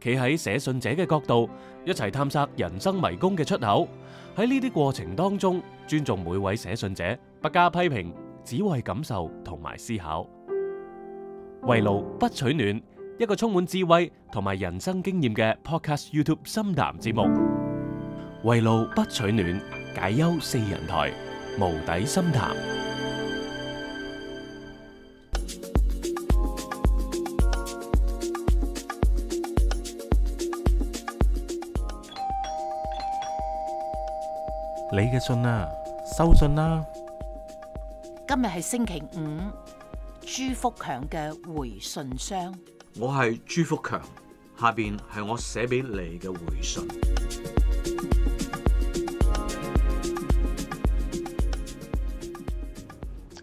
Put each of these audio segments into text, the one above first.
企喺寫信者嘅角度，一齊探索人生迷宮嘅出口。喺呢啲過程當中，尊重每位寫信者，不加批評，只為感受同埋思考。圍爐不取暖，一個充滿智慧同埋人生經驗嘅 Podcast YouTube 深談節目。圍爐不取暖，解憂四人台，無底深談。你嘅信啦、啊，收信啦、啊！今日係星期五，朱福強嘅回信箱。我係朱福強，下邊係我寫俾你嘅回信。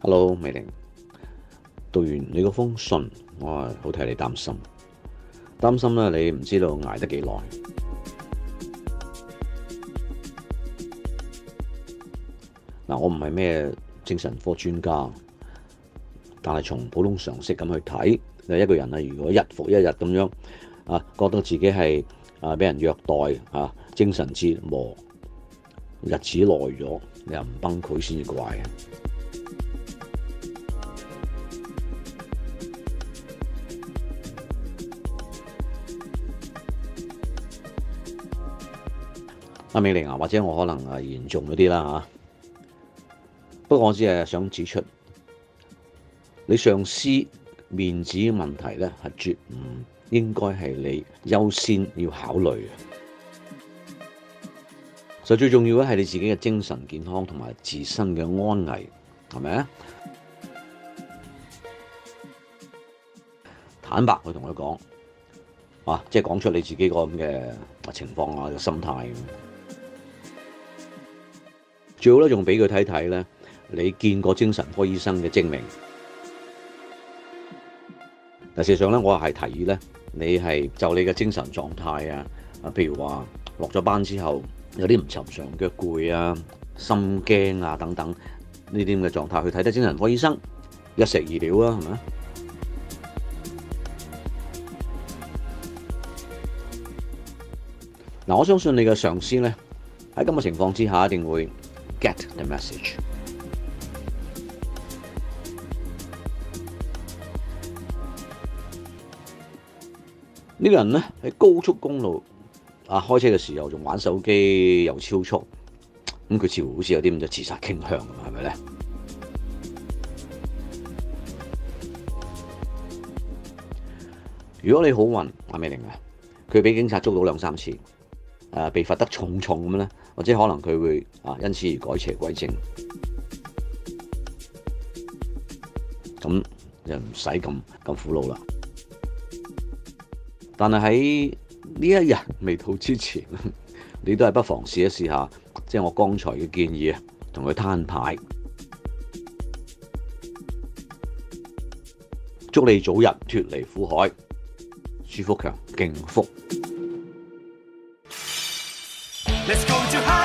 Hello，美玲，讀完你嗰封信，我係好替你擔心，擔心咧你唔知道挨得幾耐。嗱，我唔係咩精神科專家，但係從普通常識咁去睇，你、就係、一個人啊，如果日復一日咁樣啊，覺得自己係啊俾人虐待嚇、啊，精神折磨，日子耐咗，你又唔崩潰先至怪啊！阿美玲啊，或者我可能啊嚴重咗啲啦嚇。啊。不過我只係想指出，你上司面子嘅問題咧，係絕唔應該係你優先要考慮嘅。就最重要咧，係你自己嘅精神健康同埋自身嘅安危，係咪啊？坦白去同佢講，啊，即係講出你自己個咁嘅情況啊，個心態。最好咧，仲俾佢睇睇咧，你見過精神科醫生嘅證明？但事實上咧，我係提議咧，你係就你嘅精神狀態啊，啊，譬如話落咗班之後有啲唔尋常嘅攰啊、心驚啊等等呢啲咁嘅狀態，去睇睇精神科醫生，一石二鳥啊，係咪嗱，我相信你嘅上司咧，喺咁嘅情況之下，一定會 get the message。呢、這個人咧喺高速公路啊開車嘅時候仲玩手機又超速，咁佢似乎好似有啲咁嘅自殺傾向，係咪咧？如果你好運，阿美玲啊，佢俾警察捉到兩三次，誒、啊、被罰得重重咁咧，或者可能佢會啊因此而改邪歸正，咁就唔使咁咁苦惱啦。但係喺呢一日未到之前，你都係不妨試一試下，即係我剛才嘅建議啊，同佢攤牌，祝你早日脫離苦海，朱福強，敬覆。Let's go to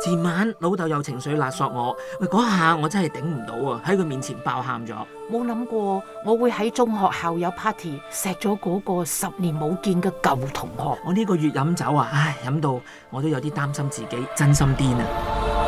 前晚老豆有情緒勒索我，喂嗰下我真係頂唔到啊！喺佢面前爆喊咗，冇諗過我會喺中學校友 party 錫咗嗰個十年冇見嘅舊同學。我呢個月飲酒啊，唉，飲到我都有啲擔心自己，真心癲啊！